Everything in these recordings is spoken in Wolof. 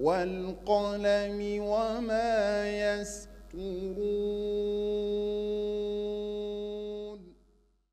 والقلم وما يسطرون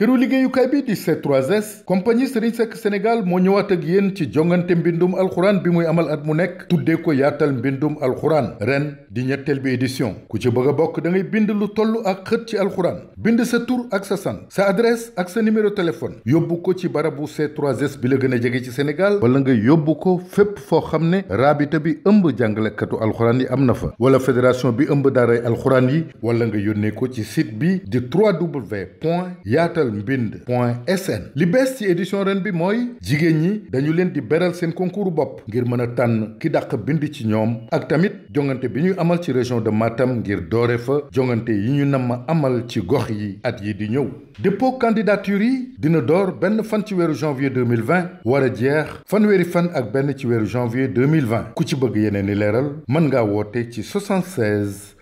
këru liggéeyukaay bi di C3S compagnie Serigne Seck Sénégal moo ñëwaat ak yéen ci jongante mbindum alxuraan bi muy amal at mu nekk tuddee ko yaatal mbindum alxuraan ren di ñetteel bi édition ku ci bëgg a bokk da bind lu toll ak xët ci alxuraan bind sa tur ak sa san sa adresse ak sa numéro téléphone yóbbu ko ci barabu c 3 bi la gën a jege ci Sénégal wala nga yóbbu ko fépp foo xam ne raabita bi ëmb jàngalekatu alxuraan yi am na fa wala fédération bi ëmb daaray alxuraan yi wala nga yónnee ko ci site bi di 3W beral mbind point sn li bees ci édition ren bi mooy jigéen ñi dañu leen di beral seen concours bopp ngir mën a tànn ki daq bind ci ñoom ak tamit jongante bi ñuy amal ci région de Matam ngir doore fa jongante yi ñu namm amal ci gox yi at yi di ñëw dépôt candidature yi dina door benn fan ci weeru janvier 2020 war a jeex fanweeri fan ak benn ci weeru janvier 2020 ku ci bëgg yeneen i leeral mën ngaa woote ci